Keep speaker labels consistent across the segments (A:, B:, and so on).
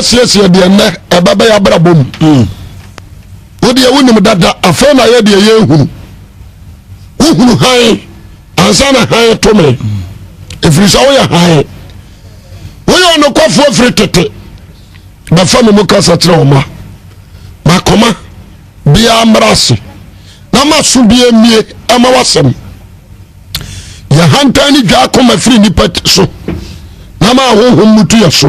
A: asiesie deɛ nnɛ ɛba bɛyɛ abrabɔ mu hmm. wodeɛ wonim dada afei na yɛ deɛ yɛhunu wohunu hann ansa na hann tome ɛfiri sɛ woyɛ hann woyɛ ɔnokɔfoɔ firi tete bɛfa me mu kasa kyerɛ wo ma makɔma biaa mmra se na maso bia mmie ama wasɛm yɛhantan ne dwaa kɔma firi nnipa so na ma ahohom mutu yɛ so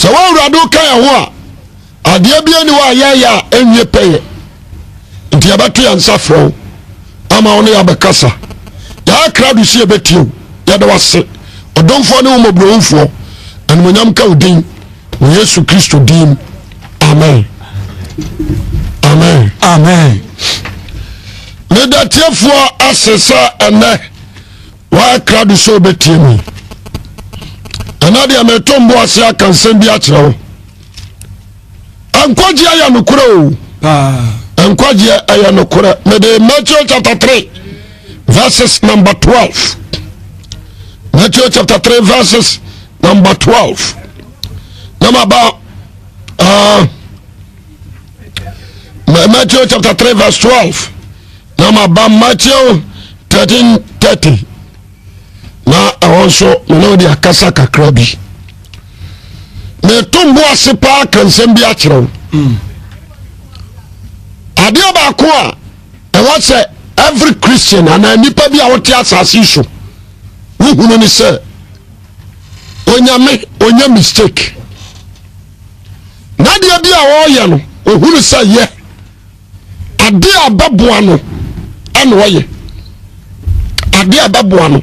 A: sɛ wo awurade wo ka yɛ ho a adeɛ bia ni wɔ a yɛyɛ a ɛnwie pɛyɛ nti yɛbɛto yɛ nsa frɛ wo ama wo ne yɛabɛkasa yɛakra do si yɛbɛtie wo yɛde wase ɔdomfoɔ ne womɔborɔwomfoɔ animonyam ka wo din wɔ yesu kristo din amen amen amen medatiɛfoɔ ase sɛ ɛnɛ waakra do sɛ wobɛtie me ana deame tomboasia kansembiatserɛo ankwai ayanokor o nkwa ayonokorɛ mede mattew cap 3 veres nub 2e matew cap 3 verse numb 2e mbmattew ap 3 ver 2e namaba mattew 330 na ɛhɔ nso mene wode akasa kakra bi meto mbo ase paa ka nsɛm bi akyerɛ mm. adeɛ baako a ɛwɔ sɛ every christian anaa nnipa bi a wote asase yi so wohunu ne sɛ onyame onya mistake na bi a wɔreyɛ no ohunu sɛ yɛ adeɛ a bɛboa no ɛne ɔyɛ adeɛ a bɛboa no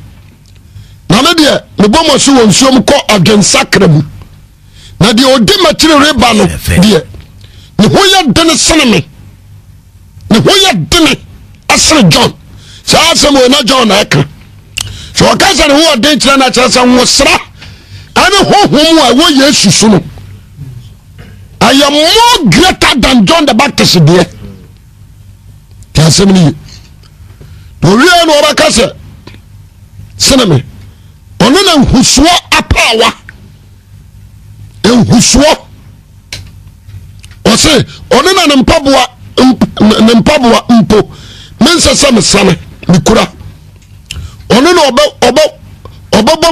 A: na ne deɛ mebɔ mɔ so wɔ nsuom kɔ adwensakra mu na deɛ ɔdi makyire reba no deɛ ne ho yɛ dene sene me ne ho yɛ dene asene john saa asɛm wɔ na john na ɛka sɛ ɔka sɛ ne ho ɔden kyerɛ no akyerɛ sɛ nwosra ane honhom a ɛwɔ yesu so no ɛyɛ more greater than john the baptist deɛ nti asɛm no ye na owie no ɔbɛka sɛ sene me ɔno na nhusoɔ apaawa nhusoɔ ɔse ɔno na ne mpaboa ne mpaboa mpo mensɛ sɛ mesane mekura ɔno na ɔbɛbɔ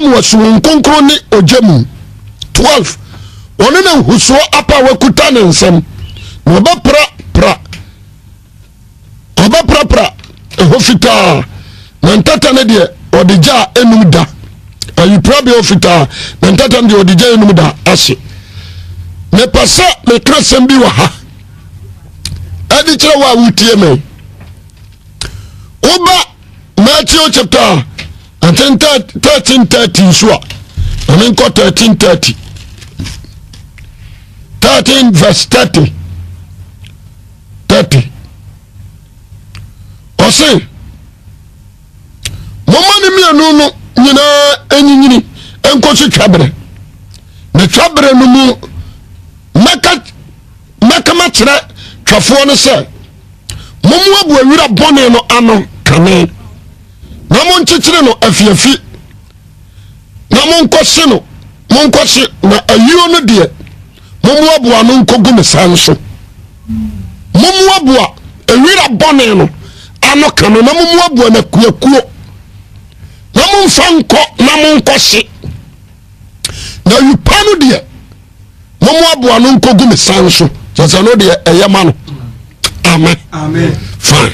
A: mu asuo nkonkron ne ogya mu 12 ɔno na nhusoɔ apaawa kuta ne nsɛm na ɔbɛprapra ɔbɛprapra ɛhɔ fitaa na ntata no deɛ ɔde gyaa ɛnum da ayipira bi ofitaa na ntɛtɛm deɛ ɔde gya enum da ase mepɛ sɛ meka sɛm bi wɔ ha ɛde kyerɛ wɔ a wotie me woba matthew chapter ante thirteen thirty nso a ɔne nkɔ thirteen thirty thirteen verse thirty thirty ɔse mɔmɔ ne mmienu no nyinaa anyinyini nkɔsi twabere na twabere no mu mɛka mɛka makyerɛ twafoɔ no sɛ momu abu awira bɔne no ano kane na monkyekyere no afiafi na monkɔse no monkɔse na ayuo no deɛ momu abu no nkogu ne saa nso momu aboa awira bɔne no ano kano na momu aboa no akuakuo momfa nkɔ na monkɔ hye na awipa no deɛ momo aboa no nkɔgu me san so kyɛ no deɛ ɛyɛ ma no amen fine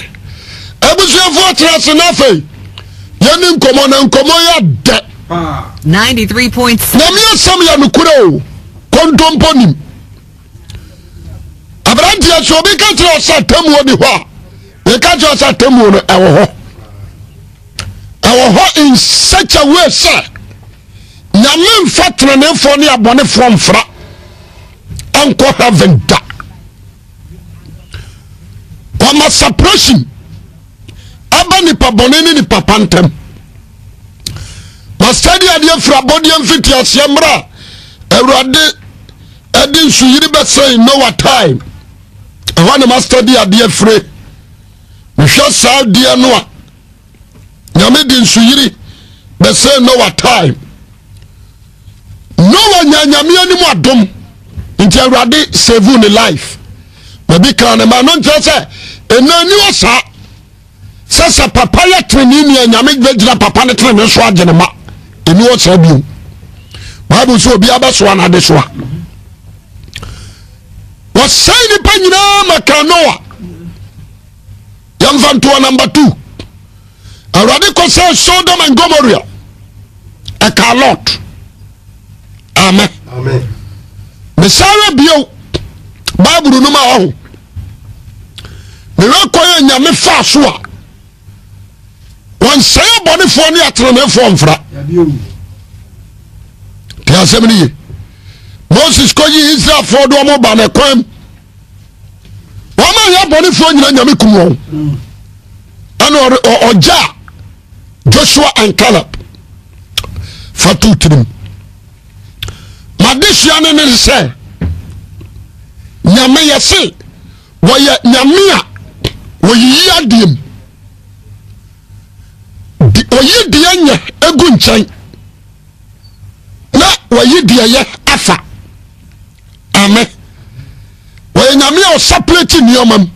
A: abusuafoɔ tena ase no afei yɛne na nkɔmmɔ yɛ dɛ nyame asɛm yɛ nokorɛ o kontompo nim aberanteɛ sɛ obi ka ɔsɛ atamuo ni hɔ a yɛka kyerɛ ɔsɛ atamuo no ɛwɔ hɔ wɔ hɔ nsecha we sɛ nyame mfa tenanefoɔ ne yɛabɔnefoɔ mfra ankɔ haven da kɔma saprasim aba nnipabɔne ne nnipa pantam mastadi adeɛ firi abɔdeɛ mfiti asiɛ mmrɛ a ɛwurade adi nso yere bɛsɛnoa time ɛhɔ ne mastadi adeɛ firɛ nhwɛ saa deɛ no a nyame de nsuyiri bɛsɛ noa time noa nya nyame anim adom nti awurade save ne life mabi ka ne ma no nkyerɛ sɛ ɛna ni wɔ saa sɛ sɛ papa yɛ tenene nua nyame bɛgyina papa ne tenene so agye ne ma ɛni wɔ saa biom bible sɛ obi abɛsoa no ade soa wɔsɛe nipa nyinaa ma ka noa yɛmfa ntoa number two awurade kɔ sɛ sodom and gomoria ɛka lot amen mesare bio bible no ma ɔho mewɛ kɔyɛ nyame faa so a wɔnsɛe bɔnefoɔ ne atenenefoɔ mfra nti asɛm no ye moses kɔyi israelfoɔ de ɔmo ba ne kwan wɔma yɛ bɔnefoɔ nyina nyame kum wɔn mm. ɛne ɔgya a josua ankalab fato kirim made sua ne nene sɛ nyameyɛ se wɔyɛ nyame a ɔyeyi adeɛm ɔyi deɛ yɛ agu nkyɛn na wɔyi deɛyɛ afa ame wɔyɛ nyame a ɔsaplɛaki nneɔmam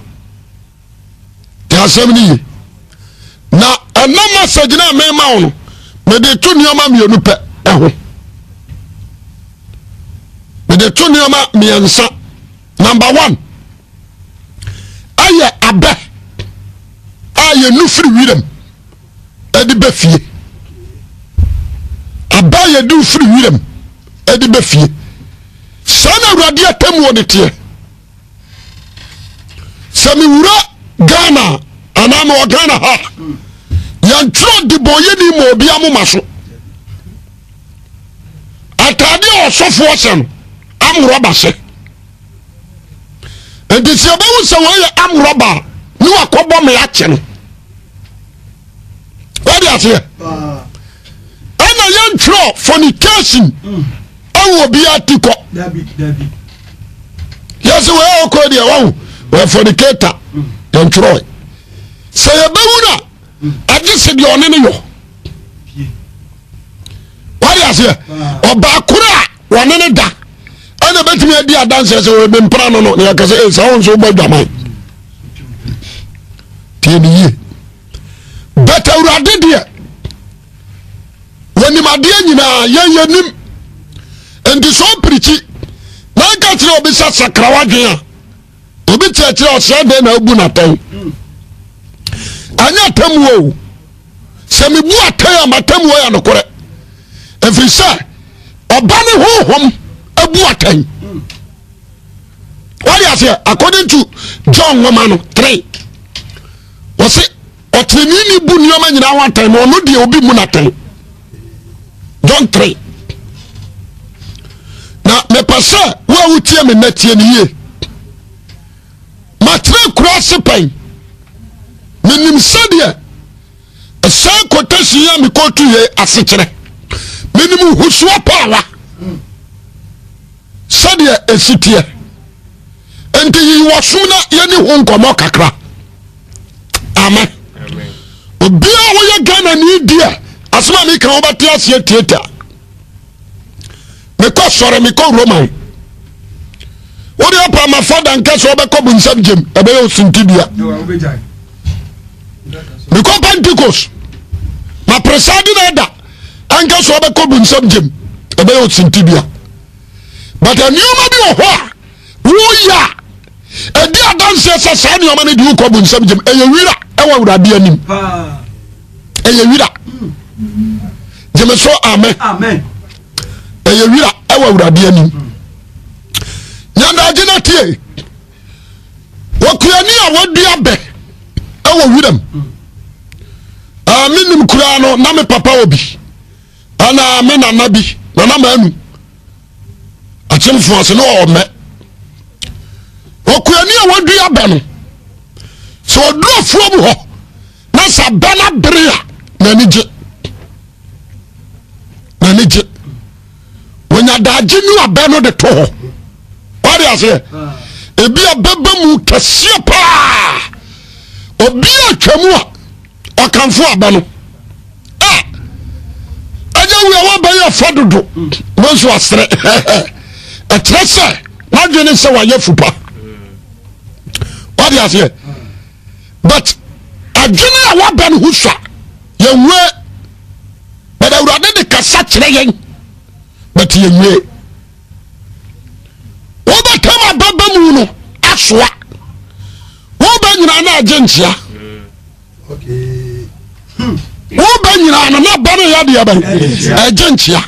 A: tasɛm ne ye me message na me ma wo mede to nneɛma mmienu pɛ ɛho mede to nneɛma mmiɛnsa number one ɛyɛ abɛ a nu firi wiram ɛde bɛ fie abɛ a yɛdu firi wiram ɛde bɛ fie saa na awurade atam wɔ ne teɛ sɛ mewura ghana anaa mewɔ ghana ha. Mm yɛntwerɛ debɔnyɛni ma obia moma so ataadeɛ ah. hmm. e a ɔsɔfoɔ hmm. hyɛ no amrɔba hyɛ nti sɛ ɛbɛwu sɛ wɔyɛ amrɔba a ne wakɔbɔ me akyɛ no wode aseɛ ɛna yɛntwerɛ fornication ɛwɔ obia ti kɔ yɛsɛ wɔyɛ ɔkɔ deɛ wawo wɔyɛ fornicator yɛntwerɛ sɛ yɛbɛwu no a agye sɛ deɛ ɔne no yɔ wade aseɛ a wɔne no da ɛna bɛtumi adi adanseɛ sɛ wɔbɛmpra no no na sɛ eh, saa wo nso wobɔ adwaman tie yie awurade deɛ wɔnimadeɛ nyinaa nti sɛ ɔpirikyi na nka kyerɛ obi sɛ sakrawadwen a obi kyerɛkyerɛ ɔsɛ dɛn na anyɛ atamuo o sɛ mebu atan a matamuo yɛ nokorɛ ɛfiri sɛ ɔba ne honhom abu atan wade aseɛ according to john woma no 3 wɔse ɔtenenini bu nneɔma nyinaa ho atan ma ɔno deɛ obi mu natan john three na mepɛ sɛ wo a wotie me nna tie no yie matere kura se pɛn menim sɛdeɛ ɛsɛn kɔtɛsi yɛ mi kɔɔtu yɛ asekyerɛ menim husuo paawa sɛdeɛ esi teɛ nti yi wɔsom na yɛne ho nkɔmɔ kakra amen obiara wɔyɛ ghana ni di a asoma mi kan wɔbɛte aseɛ tieta mekɔ sɔre mekɔ roman wɔde apa ama fada nkɛsɛ wɔbɛkɔ bu nsɛm gyem ɛbɛyɛ osintidua. No, mekɔ pentecost mapresade na ɛda anka so wobɛkɔ bunsɛm gyem ɛbɛyɛ osinti bia but nneɔma bi wɔ hɔ a woyɛ a ɛdi adanseɛ sɛ saa nneɔma no de wokɔ bunsɛm gyem ɛyɛ wira ɛwɔ awurade anim ɛyɛ wira gyeme so amen ɛyɛ wira ɛwɔ awurade anim mm. nyandagye no tie wɔkuani a wɔadua bɛ ɛwɔ wiram mm. Ah, me nim koraa no na me papa wɔ bi ana ah, me nana bi nana maanu akyemfoɔ se ne wɔwɔ mɛ ɔkuani a wɔadua bɛ no sɛ ɔduru afuo mu hɔ na sɛ bɛ no a n'ani gye n'ani gye onyadaagye ne abɛ no de to hɔ ɔde aseɛ ah. ebi abɛbɛ mu kɛseɛ paa obi atwa mu a ɔkanfo aba no a ɛyɛ wi a wɔbɛyɛ fa dodo mo nso aserɛ ɛkyerɛ sɛ n'adwene sɛ wɔayɛ fupa wade aseɛ but adwene a wɔaba no ho sua yɛnwie but awurade de kasa kyerɛ yɛn but yɛnwie wɔbɛtam ababa mu no asoa wɔbɛ nyinaa no agye nkyea wọn bɛ nyinaa na na ba ne yɛ deɛ bɛn ɛgye nkyia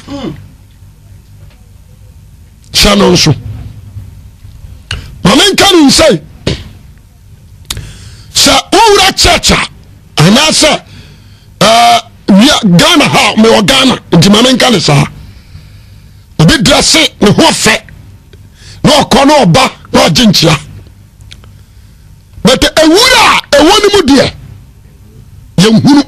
A: hyɛ no nso maame nka no nsɛn sɛ wowura church a anaasɛ ɛɛ ghana ha mewɔ ghana nti maame nka ne saa obi drɛse ne ho fɛ na ɔkɔ na ɔba na ɔgye nkyia but ewura a ɛwɔ ne mu deɛ yɛnhunu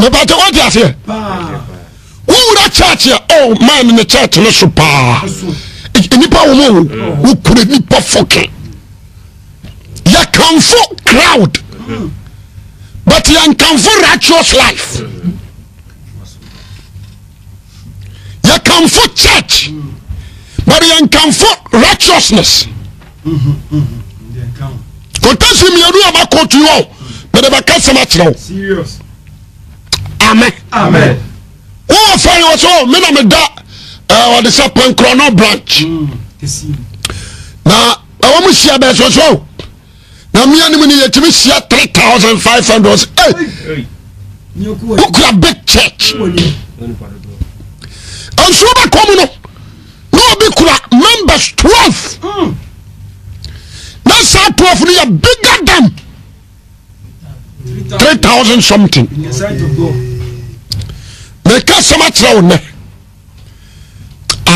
A: a owra church a oh, man ne church ne so paa e, nipa wom mm. wokra nipafo ka yɛkamfo rowd u rit lif amfo church mm. butyamfo rigtousness mm-hmm, mm-hmm. kòtẹ́sì mìíràn ọba kóòtù yìí wọ̀ bẹ̀rẹ̀ bẹ̀ kẹsàn án kyerẹ́ o amen wọ́n wọ fẹ́ẹ́ wọ́n sọ mí nà mi da ọ̀dẹ sẹ́ pẹ̀nkurọ̀ náà branch mm, na àwọn mu hyia bẹ́ẹ̀ sọ́sọ́ o na mìíràn ni mu ni yẹ kí mi hyia three thousand five hundred ẹ̀ kókòrò big church ẹ̀ nsúwọ́n bẹ̀ kọ́ mu no na obi kura members twelve. Mm. fɛbga mekɛ asɛm akyerɛ wo nnɛ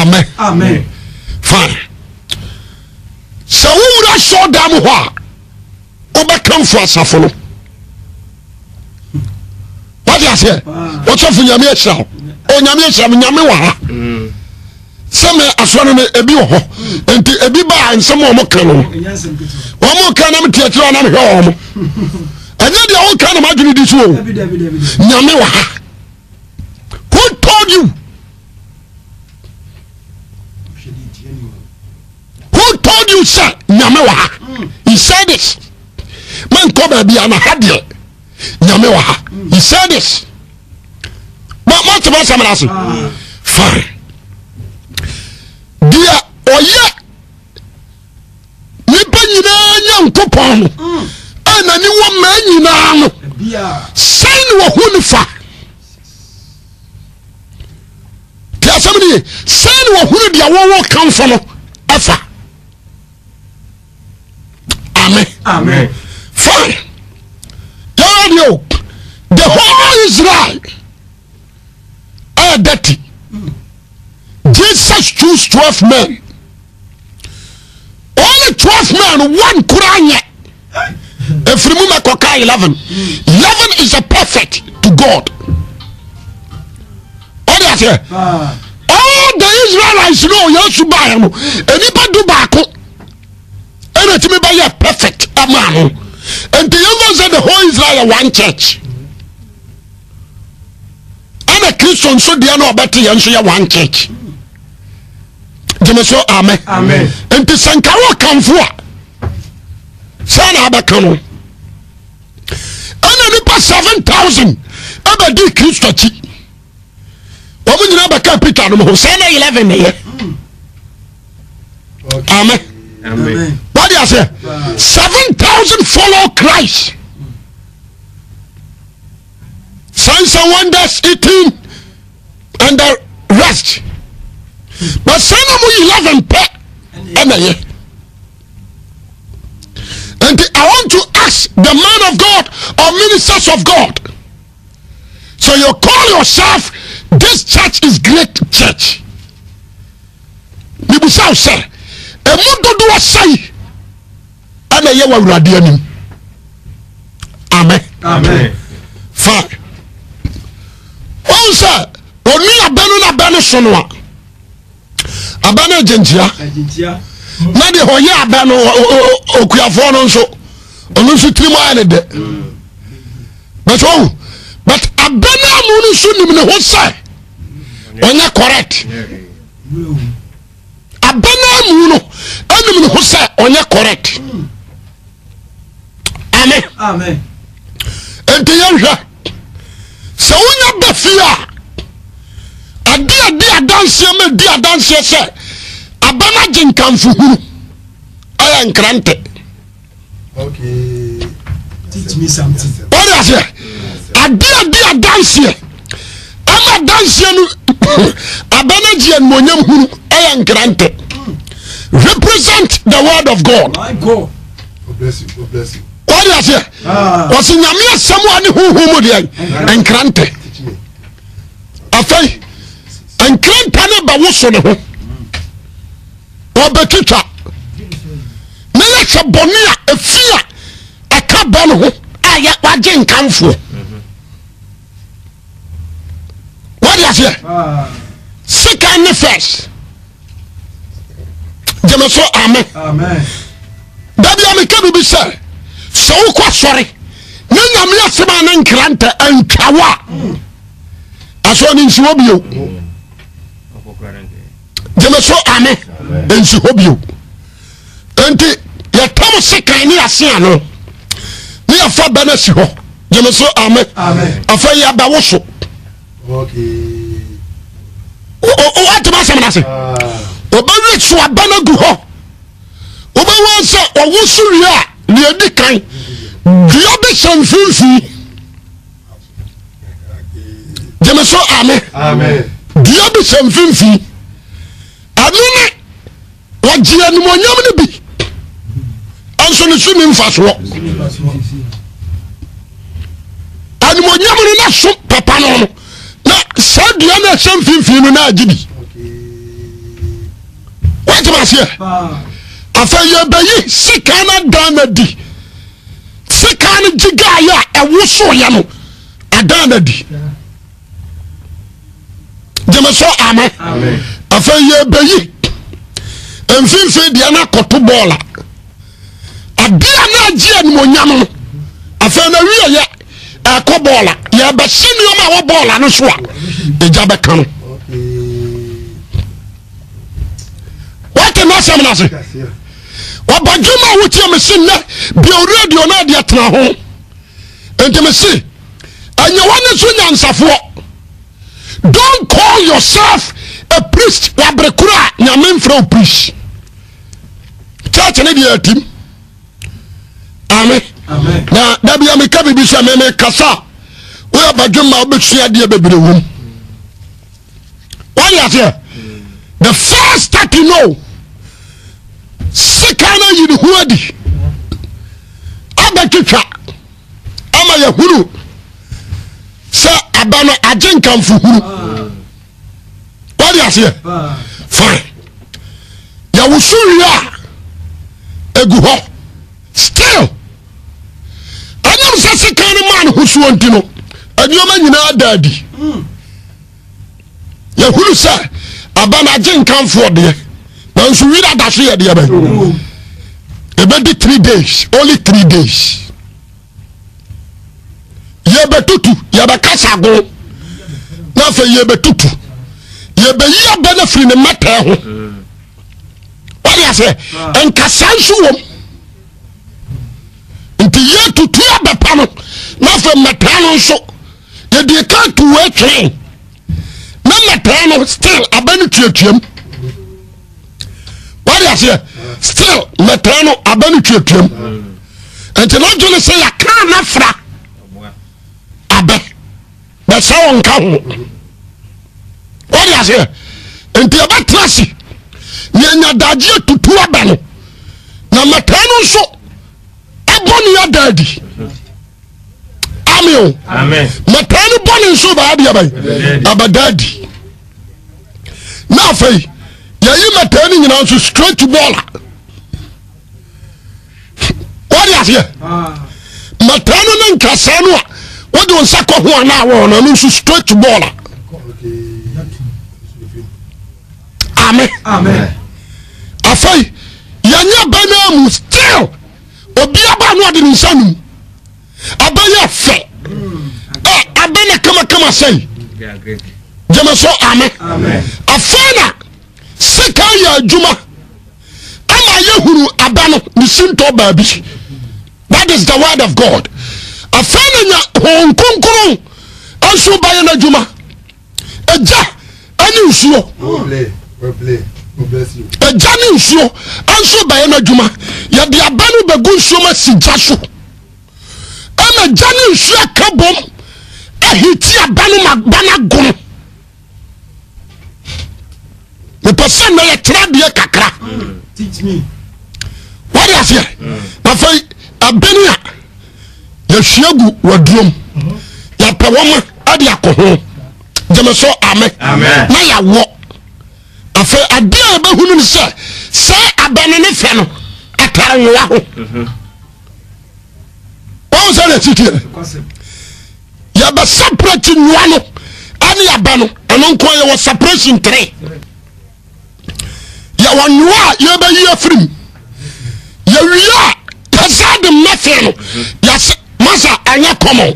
A: mɛ a sɛ wowura sɛda m hɔ a wobɛka mfo asafo no bataseɛ ah. wsɛfo nyamehraw nyame ahram nyamewa ha mm. sɛme asɔre no ebi wɔ hɔ nti ebi baa nsɛm a ɔmo ka no ɔmo ka na meteɛ kyerɛ na mehwɛ ɔmo ɛnyɛ deɛ woka na madwene di so nyame wɔ ha who told you who told you sɛ nyame wɔ ha he said this menkɔ baabi a na ha deɛ nyame wɔ ha he said this mɔtebɔ sɛmena ase fine deɛ ɔyɛ nipa nyinaa nyɛ nkopɔn no mm. ɛna ne wɔ mmaa nyinaa no sɛn ne wɔho ne fa te asɛm no ye sɛn ne wɔho ne deɛ wɔwɔ kamfo no ɛfa amen twelve men only twelve men one koraa nyɛ efiri mu mɛkɔ kaa eleven eleven is a perfect to God ɔdi aseɛ all the Israelites no yɛsu baayɛ no enipa du baako ɛna ti mi ba perfect ama no nti yɛn mo sɛ the whole Israel one church ɛna kristu nso deɛ na ɔbɛte yɛn nso yɛ one church. so am nte sankaro kamfo a sanaabɛka no ɛna nipa se tou0n0 abɛdi christo akhi omeyina bɛka pete nom hɔ sane 11ee nyɛ ame bada sɛ se tousnd follow christ sansan ondes eten and the rest but sani mu yi eleven pɛ ɛna yɛ and i want to ask the man of god or ministers of god so you call yourself this church is great church mibusa sɛ emu dodoɔ sɛyi ɛna yɛ wɔ awurade anim amen fine wɔn sɛ wɔn ni abɛnu na abɛnu so no abɛ no agyankyea na de hɔyɛ abɛ nokuafoɔ no nso ɔno nsotirimayɛne dɛ mm. bɛɛ but abɛ no amu no nsonimne ho sɛ ɔnyɛ correct abɛno amu no nimne ho sɛ ɔnyɛ correct ame ntiyɛhwɛ sɛwonyɛ bafia adeɛ di adanseɛ ma di adanseɛ sɛ aba no agye nkamfo hunu ɛyɛ nkrante wode aseɛ adeɛ di adanseɛ ama adanseɛ no aba no agye animonyam hunu ɛyɛ nkrante represent the word of god wọ́n yà sẹ́ ọ̀sìn nyàmú ẹ̀sẹ̀mú wa ni huhu mu di yẹn nkrantẹ afẹ́ nkranta ne ba woso ne ho ɔbɛtwitwa na yɛhyɛ bɔne a ɛfi a ɛka bɔ ne ho a yɛ wagye nkamfoɔ wade aseɛ sika ne fɛs gyeme so ame da bia meka biribi sɛ sɛ wokɔ sɔre ne nyame asɛm ne nkranta antwa wo mm. a ɛsɛ ɔne nsiwɔ bio mm gyeme so ame nsi hɔ bio nti yɛtam sekan ne yɛsea no ne yɛfa ba no si hɔ gyeme so ame afei yɛba wo so woatema asɛm no ase wɔbɛwe ah. so aba no agu hɔ wobɛwu sɛ ɔwo so wie a ne adi kan dua bi hyɛ mfimfii gyeme so ame dua ɛno ne wɔgye animonyam no bi ɛnso ne so ne mfa soɔ animonyam no na so papa no no na saa dua no ɛhyɛ mfimfini no na agye bi wɔatema aseɛ afei yɛbɛyi sika no dan no di sika no gyigaeɛ a ɛwosoeɛ no adan no adi gyeme sɛ ama afei yɛ bɛyi mfimfini deɛ na kɔto bɔɔla adeɛ na agye animonyam no afei na wie yɛ ɛkɔ bɔɔla yɛbɛhye nneɛma a wɔ bɔɔla no so a egya bɛka no wɔte na asɛm no ase wɔbadwuma a wotie me se nnɛ bio radio no adeɛ tena ho nti ɛnyɛ wɔne so nyansafoɔ don't call yourself a priest wobere koro a nyame mfrɛ o priest chech ne deɛ atim ame na dabiameka bibi sɛ meme kasa woyɛbadwema wobɛsuadeɛ bɛbrɛwom waneateɛ the first tateno seka na ayine ho adi abɛtwetwa ama yahuru sɛ aba no agenkamfo huru wade aseɛ fine yɛwoso wie a ɛgu hɔ still ɛnam sɛ sika no maa ne ho soɔ nti no aduɔma nyinaa daa di yɛhunu sɛ aba no agye nkamfoɔ deɛ nanso wiri ada so yɛ deɛ bɛn ɛbɛdi three days only three days tutu. yɛbɛtutu yɛbɛkasa go na afei tutu. yɛbɛyi abɛ no firi ne mmɛtɛɛ ho wode a sɛ ɛnkasa nso wo m nti yɛ totue abɛ pa no na afrɛ mmɛtaɛ no nso yɛdeɛ ka toɛtwenɛ ne mmɛtɛɛ no still abɛ no twatuam wode a sɛ stil mɛtɛɛ no abɛ no twatuam ɛnti no gwene sɛ yɛkaa nafra abɛ bɛsa wo nka ho wọ́n di aseɛ nti ẹ bɛ tena ase yẹn nyadagye tutu aba no na mɛtaa no nso ɛbɔ ne yɛ daadi ami o mɛtaa no bɔ ne nso baa deɛ bɛyi aba daadi na afei yɛyi mɛtaa no nyinaa nso straight bɔɔla wọ́n di aseɛ mɛtaa no ne nkasaa no a wọ́n de nsa kɔ ho anaa wɔn na no nso straight bɔɔla. ame afei yɛnyɛ bɛ no mu still obia ba no ɔde ne nsa nom abɛyɛ fɛ hmm. ɛ abɛ ne kamakama sɛi gyeme so ame afei na sika yɛ adwuma ama yɛhunu aba no ne sintɔ baabi that is the word of god afei na nya hon kronkron nso bayɛ no adwuma agya ɛne nsuo ɛgya ne nsuo ɛnso bɛyɛ no adwuma yɛde aba no bɛgu nsuo ma si gya so ɛna gya ne nsuo aka bom ahiti aba no ma no agono mepɛ sɛ nnɛ yɛtera adeɛ kakra wade aseɛ na afei a yɛhyia gu waduom yɛpɛ wɔ ma ade akɔ ho gyeme so ame na yɛwɔ Afe adeɛ a bɛhunu no sɛ sɛ abɛne ne fɛ no atare nwowa ho wɔn sɛ na titiɛ yɛbɛ separate nwowa no ɛne yɛbɛ no ɛno nko yɛwɔ separation tere yɛwɔ nwowa a yɛbɛyi afirim yɛwie a yɛsɛ de mmɛfɛ no yɛsɛ masa ɛnyɛ kɔmɔ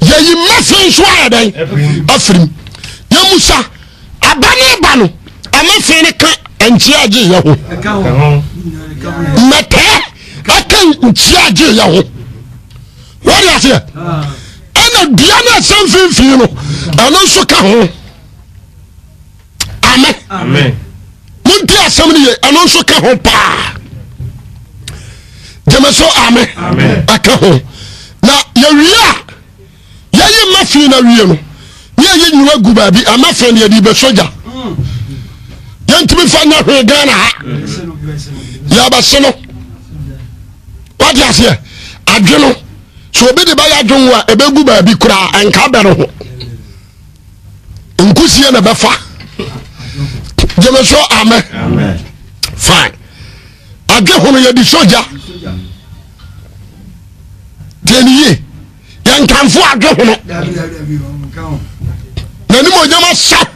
A: yɛyi mmɛfɛ nso ayɛ dɛn afirim yɛmusa abɛne ba no Amen fee ne ka nkyia agyeeyɛ ho ɛka nkyia ho wɔde aseɛ ah. ɛna dua no ɛsɛ no ɛno nso ka ho Amen. Amen. asɛm no ye ka ho so amɛ ɛka ho na yɛwie a yɛyi ma no awie no ne nyina gu baabi yɛntimi fa nya hwee ghana ha yɛbɛse no wade aseɛ adwe no sɛ obi de bɛyɛ adwe wo a ɛbɛgu baabi koraa ɛnka bɛ no ho nkosie na bɛfa gyeme amɛ fine adwe ho no yɛde sogya tiɛniye yɛnkamfo adwe ho no nanim onyam asa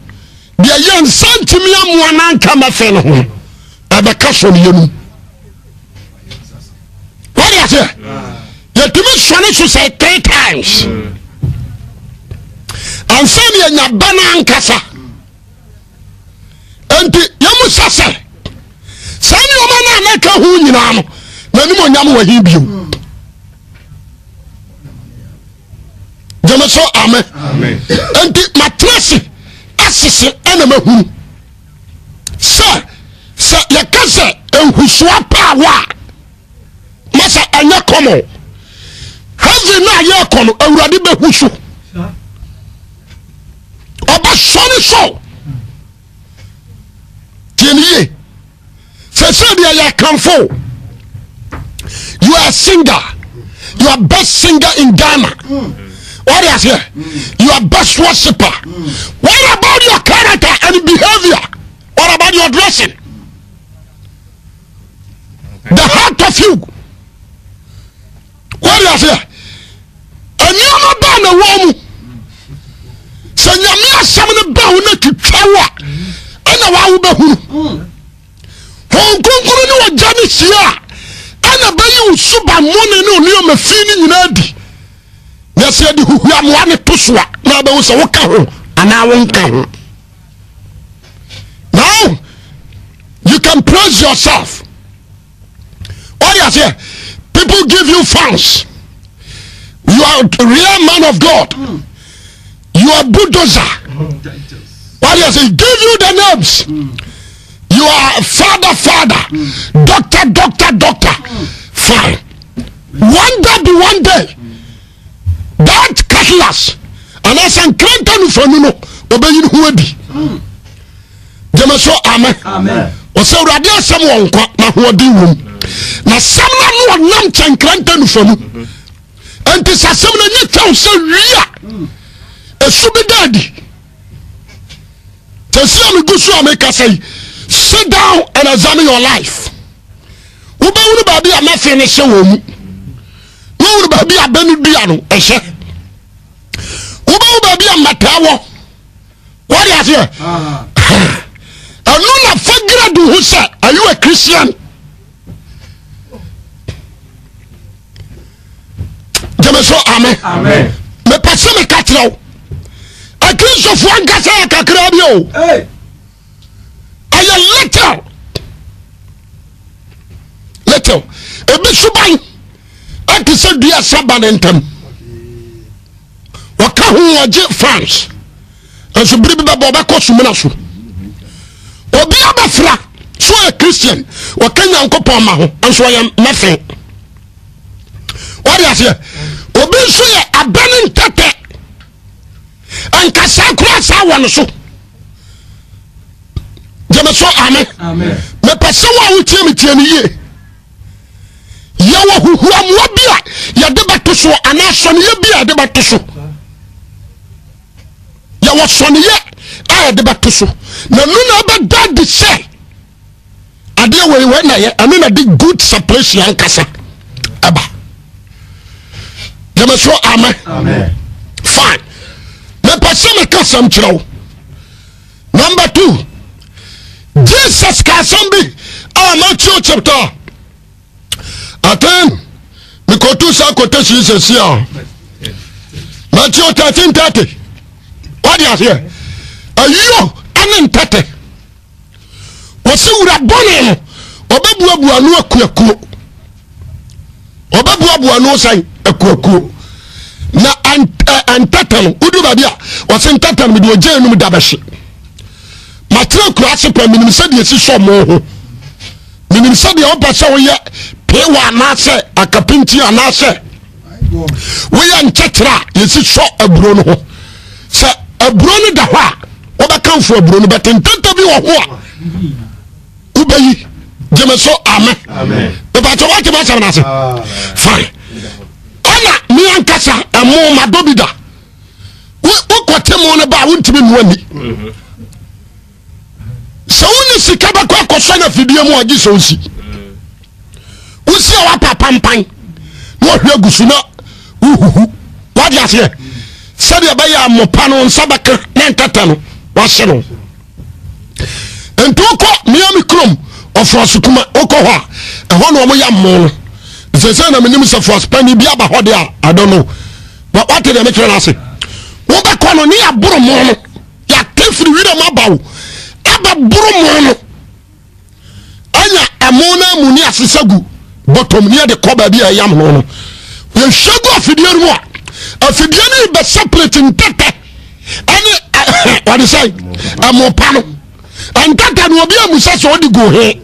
A: biɛ yɛ nsantumi amoa no nkama fɛ no ho ɛbɛka sɔ neyɛnom s yɛtimisɔne so sɛ tree times ansɛ no yɛanyabɛ nonkasa nti yɛm sa sɛ saa neɛɔma na anaka ho nyinaa no nanim ɔnyam ahi bi ase ɛna ma huru sɛ sɛ yɛka sɛ nhusoa paawa a masa ɛnyɛ kɔmɔ heaven na yɛ kɔ no awurade bɛhu so ɔba sɔne sɔ tiɛ ne yie sɛ sɛdeɛ yɛkamfo you are a singer you are best singer in ghana mm. eubestsiper abou ur carabehavibuou dressin the heart of wre anema baa nawɔ mu sɛ nyame asɛm no ba ho no twitwa wo a ɛna wawo bahuru fonkronkr ne wɔgya ne sie a ɛna bɛyɛ wo subamone nenemafa na said yɛde huhua mmoa ne to so a na bɛhu sɛ woka ho anaa wonka ho now you can praise yourself wɔde say, people give you funds you are a real man of god you are bulldozer wɔde say, give you the names you are father father doctor doctor doctor fine one day be one day. that cashless anaasɛ nkranta nufani no ɔbɛyi ne ho adi gyama so amen ɔsɛ awurade asɛm wɔ nkwa na hoɔden wom na sɛm no ano ɔnam kyɛ nkranta nufa mu enti sɛ asɛm no nyɛ twɛw sɛ wie a ɛsu bi da adi tɛsi a megu so a meka sɛ yi sit down and examine your life wobɛwuru baabi a mɛfe ne hyɛ wɔ mu wowuru baabi a bɛno dua no ɛhyɛ ɛnoma fagra doho sɛ ayuwɛ christian yame so ame mepɛ sɛme ka terɛ wo akinsofoɔ nkasɛ yɛ kakra bio ayɛ litl litl ebisoban ɛte sɛ duasa bane ntam ka hogye fans nso biri bi bɛbɔ ɔbɛkɔ sumina so obi abɛfra so ɔyɛ christian wɔka nyankopɔn ma ho nso ɔyɛ mɛfɛn wɔde aseɛ obi nso yɛ abɛne ntɛtɛ nkasa kura saa wɔ ne so gyeme so ame mepɛ sɛ wo a wotie me tie no yie yɛwɔ huhuamoa bi a yɛde bɛto so anaasɔneyɛ bi a yɛde bɛto so sɛ wɔsɔneyɛ a yɛde bɛto so na nu na ɛbɛda de sɛ adeɛ wɔiwɔ na yɛ ɛno na de good separation ankasa ɛba gyama so amen fine mepɛ sɛ meka sɛm kyerɛ wo number two jesus ka asɛm bi a matthew chapter aten mekɔtu si kɔtɛsii si a matthew 13 thirty wadi aseɛ ayio ɛne ntɛtɛ wɔsi wura bɔne no ɔbɛbuabua ano akuakuo ɔbɛbuabua ano sɛn akuakuo na ntɛtɛ no wodu baabi a wɔsi ntɛtɛ no mede ɔgya enum da bɛhye matere kura ase pɛ menim sɛdeɛ si sɔ mo ho menim sɛdeɛ wopɛ sɛ woyɛ pewa anaasɛ akapinti anaasɛ woyɛ nkyɛkyerɛ a yɛsi sɔ aburo no ho sɛ aburo no da hɔ a wɔbɛkamfo aburo no bɛtentanta bi wɔ ho a wobɛyi gyeme so ame mepakyɛ woatem asɛm no ase fine ɛna me ankasa ɛmo madɔ bi da wokɔte mo no ba a wontimi nnoa ni sɛ wone sika bɛkɔ akɔsɔ no afidie mu agye sɛ wosi wosi a woapa pampan na ɔhwɛ agu so na wohuhu wade aseɛ sɛdeɛ ɛbɛyɛ amopa no nsa bɛka ne ntɛtɛ no wahye no nti wokɔ miami kurom ɔfrɔso kuma wokɔ hɔ a ɛhɔ na ɔmoyɛ mmo no sɛsɛ na menim sɛ frɔspani bi aba hɔ deɛ a adɔ no wate deɛ mekyerɛ no ase wobɛkɔ no ne yɛaboro mo no yɛate firi werɛ mu aba wo abɛboro no anya ɛmo no amu ne asesa gu bɔtɔm ne yɛde kɔ baabi a ɛyam no no yɛhwɛ gu afidie no mu a afidie no bɛ separate ntɛtɛ ɛne wɔde sɛ ɛmopa no ntɛtɛ no obi amu sɛ sɛ ɔde go he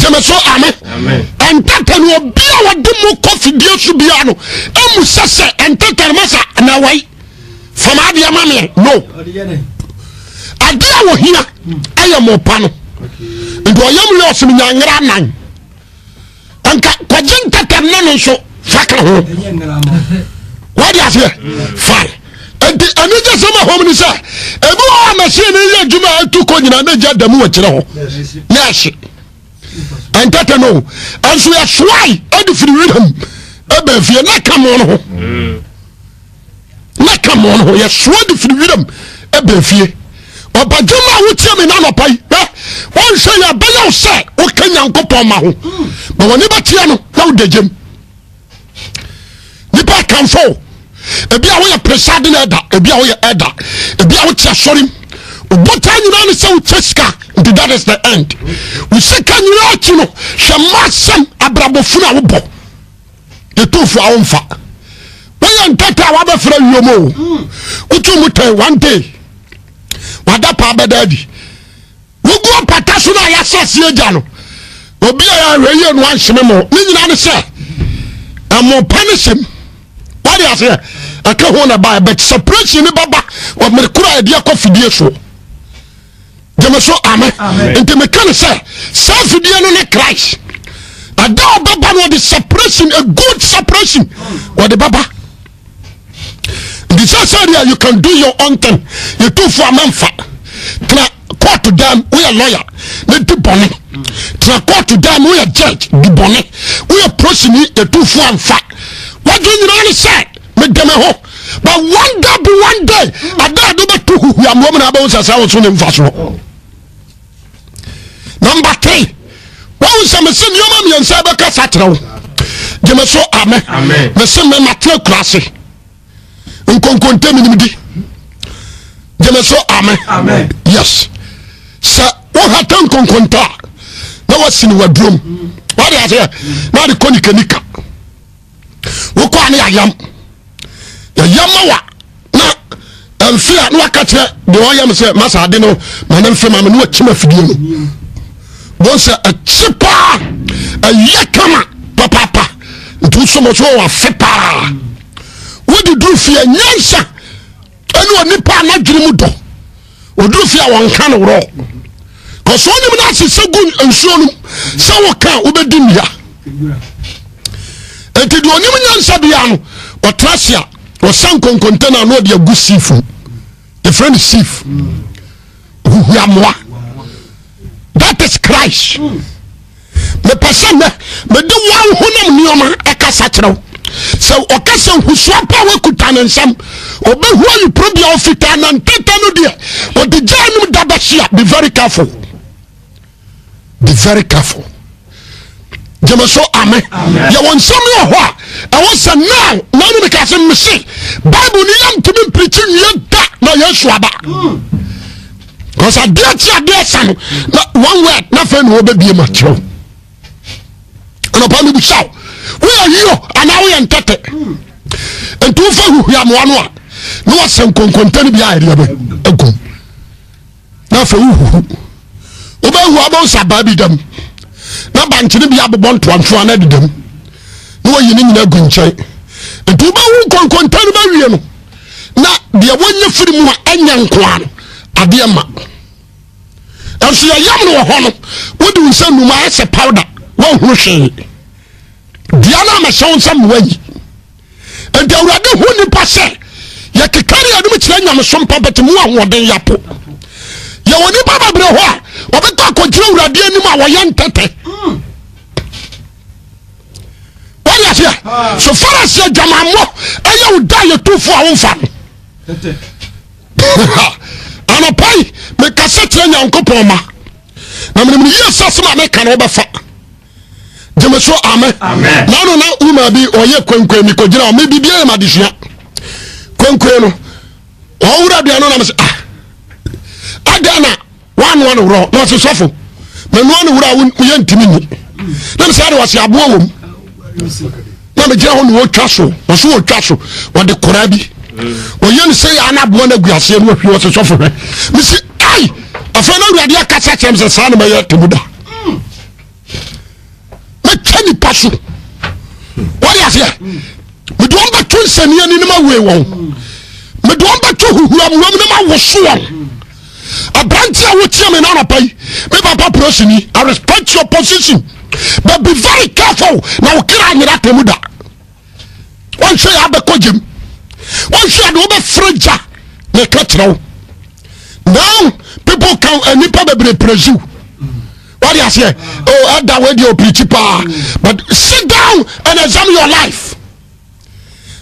A: gyeme so ame ntɛtɛ no obi a wɔde mu kɔ fidie so bia no amu sɛ sɛ ntɛtɛ no masa nawai fama adeɛ ma meɛ no adeɛ a wɔhia ɛyɛ mopa no nti ɔyam lɛ ɔsom nyanyera nan anka kɔgye ntɛtɛm ne no nso saka ho wade aseɛ fine nti ɛne gye sɛm ahom no sɛ ɛbi wɔ a machine no yɛ adwuma a atu kɔ nyinaa na gya da mu hɔ na ɛhye ɛntɛtɛ no ɛnso yɛsoae ade firi werɛm ɛbɛ fie na ka mo ho na ka mo no ho yɛsoa de firi werɛm ɛbɛ fie ɔbadwuma a wotia me na nɔpa yi ɛ wɔnhwɛ yɛ abɛyɛ wo sɛ woka nyankopɔn ma ho ma wɔne bɛteɛ no na wodegyam atamfo ebi a woyɛ presade na ɛda ebi a woyɛ ɛda ebi a wote asɔre botan nyinaa ne sɛ wokyɛ sika nti that is the end wo sika nyinaa akyi no hwɛ ma asɛm abrabɔfunu a wobɔ yɛtomfo a womfa woyɛ ntata a woabɛfrɛ wiom o wotu mu tɛn one day wada paa bɛda adi woguo pata so no a yɛasɛseɛ gya no obi a yɛahwɛ yie no anhyeme mɔ ne nyinaa ne sɛ ɛmo pa ne wadeasɛ ɛkehon ba but separation ne bba mekr adikɔ fidie so geme so ame nti mekene sɛ sɛ fidie no ne chris adabɛbande sprao a good sparation debɛba ntsɛsɛde yo can do you onten yɛtofomemfa sommes dan lawyer, lɔya ne di bɔnɛ tena kóòtù we are judge, di bɔnɛ woyɛ polosini etufu anfa wadu nyinaa ni sɛ mi dɛmɛ hɔ but one day be one day adaa de bɛ tu huhu amuwa mu na abɛn sasa woso ne nfa so number three wɔn nsɛmɛsɛ nneɛma mmiɛnsa bɛ kasa kyerɛw jɛmɛso amɛ mɛsɛ mɛma kura ase nkonkonte mi jɛmɛso amɛ yes. Amen. sɛ wohata nkonkonta a na wasini wadurom wade aseɛ na ade kɔ nikanika wokɔa ne yayam yayam ma na mfe a na waka kyerɛ deɛ ɔyɛ me sɛ masaade no mane mfe ma me ne wakyim afidie no bon sɛ akyi paa ɛyɛ kama papapa nti wosomɔ so wɔwafe paa wode duru fie nyansa ɛne ɔnipa a n'adwene mu dɔ ɔduru fie a wɔnka no worɔ kɔsɔ ɔnim na asese gu nsuo no sɛ wɔka wobɛdi nnua enti deɛ ɔnim nyansa bia no ɔtra se a ɔsa nkonkonte no a na ɔde agu siif yɛfrɛ no siif huhuamoa that is christ mepɛ sɛ mɛ mede wa honam nneɔma ɛkasa kyerɛ wo sɛ ɔkasa nhusoa pa a wakuta ne nsɛm ɔbɛhua yi probia ɔfitaa nantata no deɛ ɔde gyaa nom da bɛhyia be very careful be very careful jẹmẹ sọ amẹ yẹwọ nsọmi ọhọ a ẹwọ sẹ náà nanu mi kà sẹ mẹsẹ báyìí ni yẹn tún mi pìrìtì nìyẹn da na yẹn sọ aba kọsí adiẹ tí adiẹ sá no na one word n'afẹ ni wọn bẹ bie ma kyerɛw ọ̀nàpá mi bu sáw wọ́n yẹ yíyọ àná wọ́n yẹ ntẹ́tẹ́ ntọ́ fẹ́ huhu àmọ́ no a ní wọ́n sẹ nkonkonta ni bi a yẹ wobɛhu abɛnsa baa bi dam na bankyene bi abobɔ ntoantoa no dedam na wayi ne nyina gu nkyɛn nti wobɛhu nkonkonta no bɛwie no na deɛ wɔnyɛ firi mu a ɛnyɛ nkoa no adeɛ ma ɛnso yɛyam no wɔ hɔ no wode wo nsa numa ɛsɛ powder woahunu hwee dua no amahyɛ wo nsa mmoayi nti awurade ho nnipa sɛ yɛkekare adom kyerɛ nyamesompa bɛte mu ahoɔden yapo yɛwɔ nipa babrɛ hɔ a wɔbɛtɔ akɔgyina awurade anim a wɔyɛ ntɛtɛ wɔde aseɛ so farase adwamammɔ ɛyɛ wo da yɛtofo a womfa no anɔpai mekasɛ kyerɛ nyankopɔn ma na menemne yie sɛ sɛm a meka no wobɛfa gyeme so ame nano na woma bi ɔyɛ kwankwan mi kɔgyina ɔme biribia yɛ madesua kwankwan no ɔwura aduano nam sɛ ah dɛn na wanoa ne worɔ na ɔse sɔfo manoa ne wura a woyɛ ntimi nyi na mesɛ de wɔse aboa wom na megyina hɔ ne wɔtwa so ɔso wɔtwa so wɔde koraa bi ɔyɛ ne sɛ yɛ ana aboa no agu aseɛ no ahwie wɔse sɔfo hwɛ mesi ai afei no awurade akasa kyerɛm sɛ saa ne mɛyɛ temu da mɛtwa nipa so wɔde aseɛ mede wɔn bɛto nsaniani no ma wei wɔn mede wɔn bɛto huhuamuam no ma woso wɔn aberante a wotia me nanapa yi me papa prosini i respect your position but be very careful na wo kra nyera temu da wɔnhwɛ yɛ abɛkɔ gyem wɔnhwɛ yɛ de wobɛfrɛ gya ne ka kyerɛ wo now people can kan eh, nnipa bebree presuw wɔde aseɛ ɛda woadi opirikyi paa but sit down and examine your life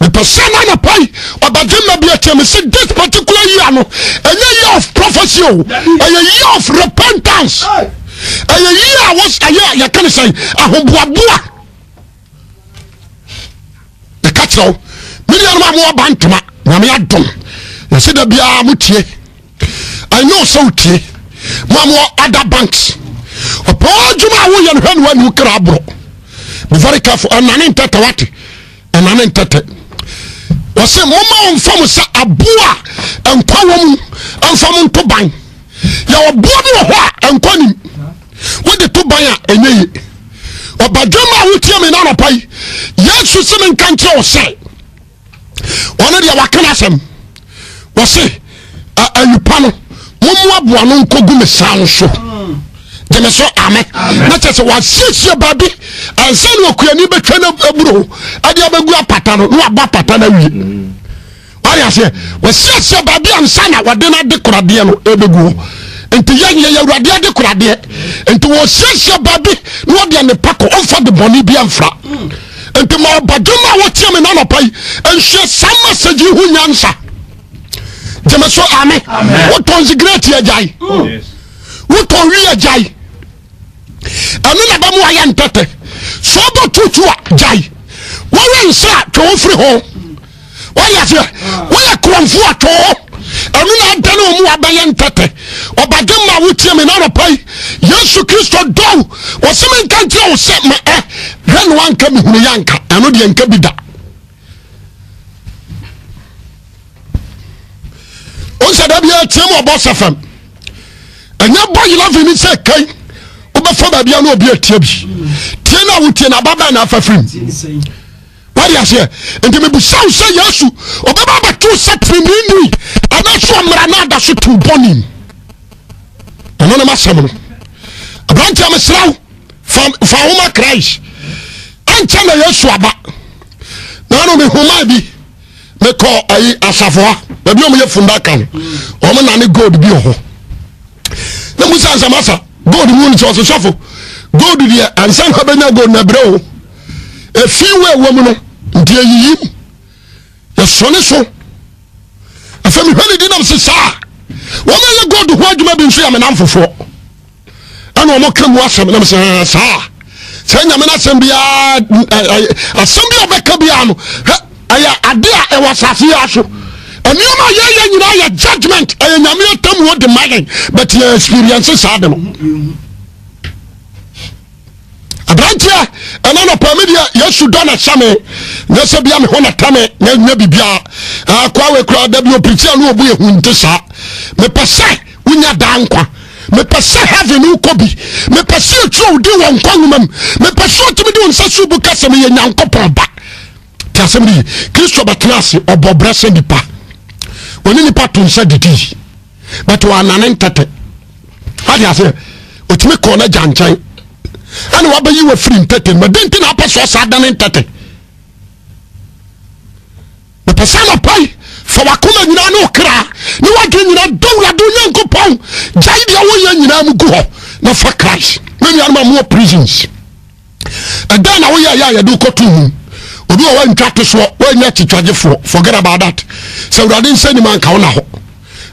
A: mepɛ sɛ na anapai ɔbadwemma bi akyɛ me sɛ this particular year no ɛnyɛ year of prophecy o oh, ɛyɛ year of repentance ɛyɛ year a wɔs ɛyɛ yɛka ne sɛn ahoboaboa ɛka kyerɛ wo menuanom a mowɔba ntoma nyame adom na sɛ da biara motie i know sɛ wotie mo a mowɔ other banks ɔpɛɔ adwuma a woyɛ no hwɛ ne woanu kra aborɔ be very careful ɛnane ntɛtɛ wate ɛnane ntɛtɛ wɔsɛ moma wo mfa mo sɛ aboa a nkwa wɔ mu ɛmfa mo nto ban yɛwɔ boa bi wɔ hɔ a ɛnkwa nim wode to ban a ɛnyɛ ye ɔbadwama a wotie me na anɔpa yi yesu se me nka nkyerɛ wo sɛ ɔno deɛ waka no asɛm wɔ se ayipa no mommoaboa no nkɔgu me saa no so gyeme so ame na kyɛ sɛ wasiesie baabi ansa ne wakuani bɛtwa no aburo ho ade abɛgu apata no na wabɔ apata no awie ware aseɛ wasiesie baabi ansa na wɔde no ade koradeɛ no ɛbɛgu hɔ nti yɛnyɛ yɛwurade ade koradeɛ nti wɔsiesie baabi na wɔde ne pa kɔ de bɔne bi amfra nti ma ɔbadwom a wɔteɛ me nanɔpa yi ɛnhwɛ saa masagyi ho nyansa gyeme so ame wotɔ nsigreti agyae wotɔ wi agyae ɛno na bɛmo ayɛ ntɛtɛ sɛ wobɔ tutu a gyae wɔwɛ nsa a twɛ wo firi ho wɔyɛ sɛ woyɛ korɔmfo a twɛ ho ɛno na ada ne ɔmu wabɛyɛ ntɛtɛ ɔbagye ma wotie me na anɔpa yi yesu kristo dɔw wɔsɛme nka nkyerɛ wo sɛ ma ɛ hwɛ ne woanka mehunu yɛ anka ɛno deɛ nka bi da ɔnsɛ da biaa tie ma ɔbɔ sɛ fam ɛnyɛ bɔ yelafi ne sɛ kai bɛfa baabi a na obi atia bi tie na wotie na ababa na afa firim wade aseɛ nti mebusaw sɛ yesu ɔbɛba bɛto sɛ tirimini anaso ɔmmara no ada so to bɔnem ɛno ne masɛm no aberanteɛ mesrɛ wo fa homa christ ankyɛ na yesu aba nano mehoma bi mekɔ ayi asafoa baabi ɔmyɛ funda ka no nane gold bi ɔhɔ na musa nsamasa gold mu nti ɔso sɔfo gold deɛ ansan ka bɛnya gold na brɛ o efi wo ɛwɔ mu no nti eyiyi yɛsɔne so afɛmi hwɛ ne di nam sisaa wɔn yɛ gold ho adwuma bi nso yɛ menam fofoɔ ɛna wɔn kɛ mu asɛm nam sɛn saa sɛ nyame no asɛm biaa asɛm bi a ɔbɛka biaa no hɛ ɛyɛ ade a ɛwɔ asase yi aso nneɛma a yɛyɛ pas yɛ judgement ɛyɛ nyame atam wɔ de but yɛ experience saa de no aberanteɛ me deɛ na hyɛ me nyɛ tame na nya akoa we da bi ɔpirikyia ne ɔbu nte saa mepɛ sɛ wonya daa nkwa mepɛ sɛ heaven wokɔ bi mepɛ sɛ wɔ nkwa mu mepɛ sɛ ɔtumi de wo nsa so bu pas nyankopɔn ba asɛm ne wɔne nipa to nsa didi but wɔanane ntɛtɛ ade aseɛ ɔtumi kɔɔ no gya nkyɛn ɛne wabɛyi wa firi ntɛtɛ ma de nti na apɛ soɔ saa dane ntɛtɛ mepɛ sɛ nɔpai fa wakoma nyinaa ne ɔkra ne wadwene nyinaa dɔwurade onyankopɔn gyae deɛ woyɛ nyinaa mu gu hɔ na fa christ manuanom a mowɔ prisons ɛdan e na woyɛ yɛ a yɛde wokɔto mu obi a wantwa to soɔ wanya kyitwagyefoɔ forget about that sɛ awurade nsa nim anka wo na hɔ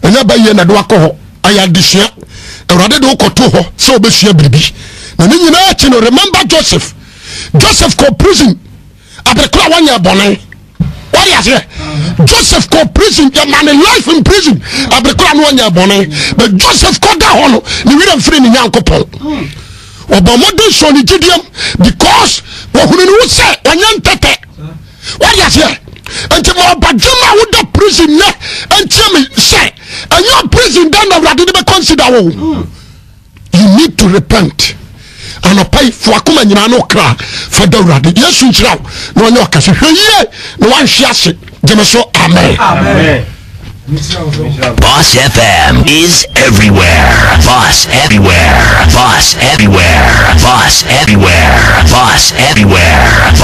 A: ɛnyɛ bɛyɛ na de wakɔ hɔ ayɛ adesua awurade de wokɔto hɔ sɛ wobɛsua biribi na ne nyinaa akyi no remember joseph joseph kɔ prison aberekora wanyɛ bɔne wade aseɛ joseph kɔ prison yɛmane life in prison aberekora no wanyɛ bɔne but joseph kɔda hɔ no ne werɛ mfiri ne nyankopɔn ɔbɔ mɔden sɔ ne gyidiɛm because wɔhunu ne ho sɛ ɔnyɛ ntɛtɛ wɔde aseɛ nti ma ɔba dwuma a woda prison nɛ nkyɛn mi sɛ ɛnyɛ prison dan na awurade de bɛ consider wo you need to repent anɔpa yi fo akoma nyinaa no kra fa da awurade yesu nkyerɛ wo na ɔnyɛ ɔkasa hwɛ yie na wanhwe ase gyeme so amen, amen. amen. Boss FM is everywhere. Boss everywhere. Boss everywhere. Boss everywhere. Boss everywhere. Boss